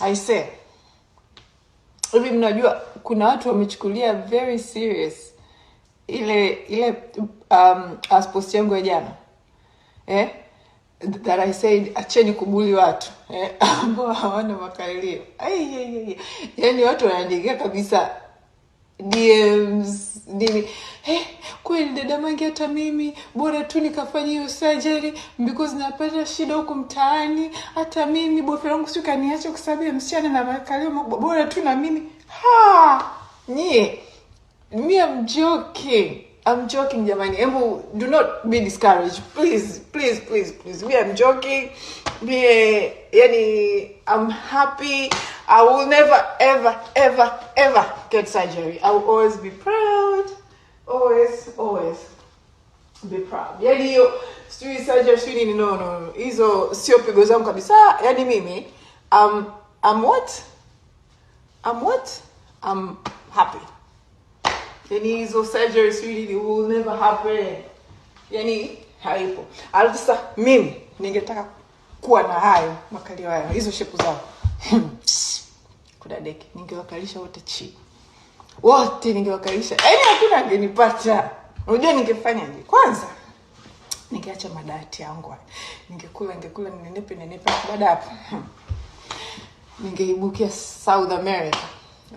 Aise, hivi mnajua kuna watu wamechukulia very serious ile ile um, post yangu ya jana eh? that I said acheni kubuli watu eh, ambao eh? hawana makalio. Yaani watu wanaandika kabisa DMs nini. Hey, kweli dada Mange, hata mimi bora tu nikafanya hiyo surgery because napata shida huko mtaani. Hata mimi boyfriend wangu sio kaniacha kwa sababu ya msichana na makalio, bora tu na mimi ha nye mi am joking. I'm joking jamani, hebu do not be discouraged please please please please, mi am joking mi, yani I'm happy I will never, ever, ever, ever get surgery. I will always be proud. Always, always be proud. Yani hiyo sijui surgery sijui nini, no, no, hizo sio pigo zangu kabisa. Yani mimi um, I'm what I'm what I'm happy. Yani hizo surgery sijui nini will never happen. Yani haipo. Alafu sasa mimi ningetaka kuwa na hayo makalio hayo, hizo shepu zangu kuda kudadeki, ningewakalisha wote chi wote ningewakalisha, yaani hakuna angenipata. Unajua ningefanyaje? Kwanza ningeacha madawati yangu, ningekula ningekula, ninenepe nenepe, baada hapo hmm, ningeibukia South America,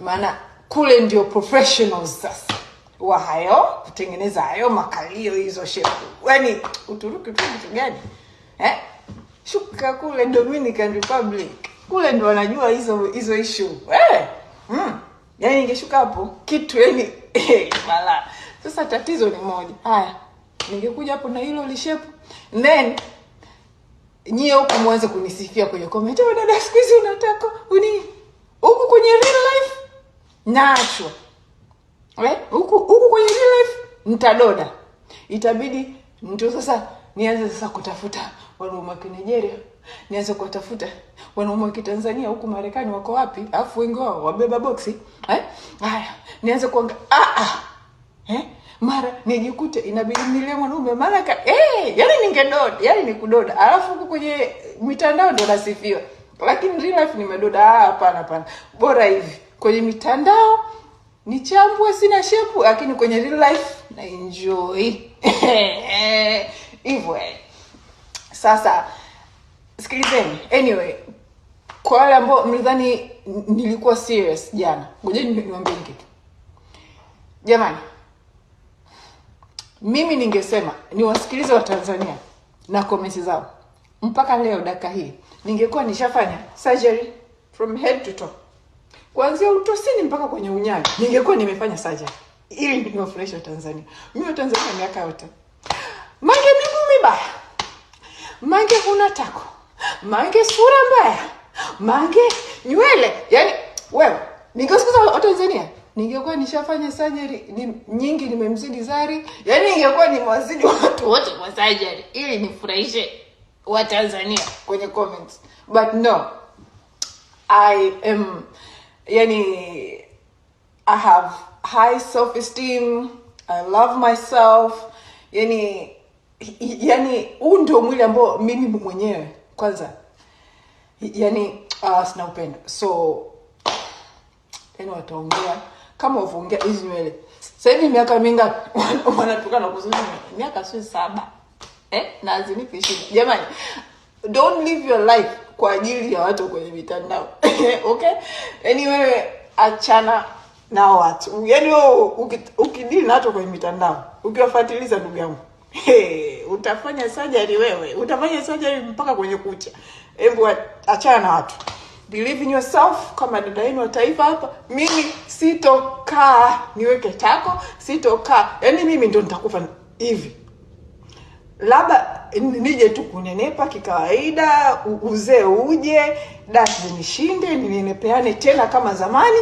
maana kule ndio professionals sasa wa hayo kutengeneza hayo makalio, hizo shepu. Yaani Uturuki tu kitu gani eh? Shuka kule Dominican Republic kule ndo wanajua hizo hizo issue eh, mm. Yani ingeshuka hapo kitu yani eh, mala. Sasa tatizo ni moja, haya ningekuja hapo na hilo lishepo then nyie huku mwanze kunisifia kwenye comment, wewe oh, dada, siku hizi unataka uni huku kwenye real life nacho eh, huku kwenye real life nitadoda, itabidi mtu sasa nianze sasa kutafuta wanaume wa Kinigeria, nianze kuwatafuta wanaume wa Kitanzania huku Marekani wako wapi? Alafu wengi wao wabeba boksi eh? Haya, nianze kuanga ah, ah. Eh? Mara nijikute inabidi nilie mwanaume mara ka eh, yani ningedoda, yani nikudoda. Alafu huko kwenye mitandao ndo nasifiwa. Lakini real life nimedoda, ah, hapana hapana. Bora hivi. Kwenye mitandao ni chambua sina shepu, lakini kwenye real life na enjoy. Hivyo eh. Sasa sikilizeni, anyway, kwa wale ambao mlidhani nilikuwa serious jana, ngojeni niwaambie kitu jamani. Mimi ningesema niwasikilize Watanzania na komenti zao mpaka leo dakika hii, ningekuwa nishafanya surgery from head to toe, kuanzia utosini mpaka kwenye unyani ningekuwa nimefanya surgery ili niwafurahisha Watanzania. Mimi Watanzania miaka yote mange huna tako, mange sura mbaya, mange nywele. Yani wewe ningesikiza Watanzania ningekuwa nishafanya surgery ni, nyingi nimemzidi Zari, yani ningekuwa mwazidi watu wote kwa surgery ili nifurahishe Watanzania kwenye comments, but no I am yani I have high self esteem, I love myself yani yani huu ndio mwili ambao mimi mwenyewe kwanza yani uh, sina upendo so tena wataongea kama wavyoongea hizi nywele sasa hivi miaka mingapi wanatoka na kuzuri miaka sio saba eh? nazinipi shida jamani don't live your life kwa ajili ya watu kwenye mitandao okay yani wewe achana na watu yani wewe ukidili na watu kwenye mitandao ukiwafatiliza ndugu yangu Hey, utafanya surgery wewe, utafanya surgery mpaka kwenye kucha. Hebu achana na watu, believe in yourself. Kama dada yenu wa taifa hapa, mimi sitokaa niweke tako, sitokaa yaani mimi ndo nitakufa hivi, labda nije tu kunenepa kikawaida, uzee uje dasi nishinde ninenepeane tena kama zamani,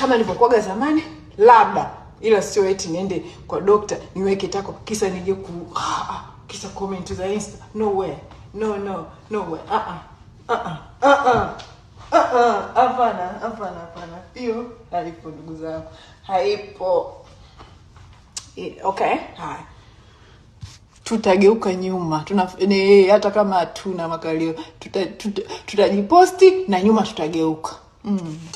kama nilivyokuwaga zamani, labda ila sio eti niende kwa dokta niweke tako kisa nije ku ah, ah, kisa comment za insta no way no no no way ah ah ah ah ah ah, ah, ah. hapana hapana hapana hiyo haipo ndugu zangu haipo eh, okay haya tutageuka nyuma tuna, ne, hata kama hatuna makalio tutajiposti tuta, tuta na nyuma tutageuka mm.